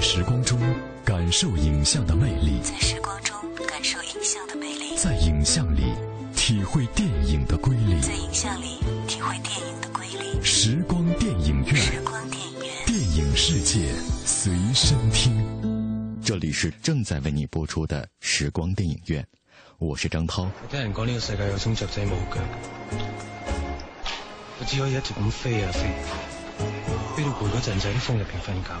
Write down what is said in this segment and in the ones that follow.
在時光中感受影像的魅力，在時光中感受影像的魅力，在影，魅力在影像裏體會電影的瑰麗在影像裏體會電影的瑰麗。時光電影院，時光電影院，電影世界隨身聽。嗯、這裏是正在為你播出的時光電影院，我是張濤。聽人講，呢個世界有種雀仔冇腳，我只可以一直咁飛啊飛，飛到攰嗰陣就喺風入邊瞓覺。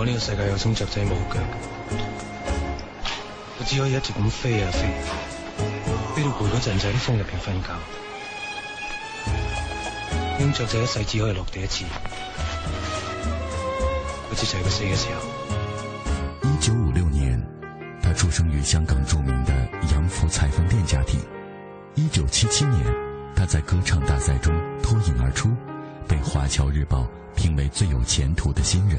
我呢個世界有種雀仔冇腳，我只可以一直咁飛啊飛，邊度攰咗陣就喺風入邊瞓覺。鷹雀仔一世只可以落地一次，好似就係佢死嘅時候。一九五六年，他出生於香港著名的洋服裁縫店家庭。一九七七年，他在歌唱大賽中脫穎而出，被《華僑日報》評為最有前途的新人。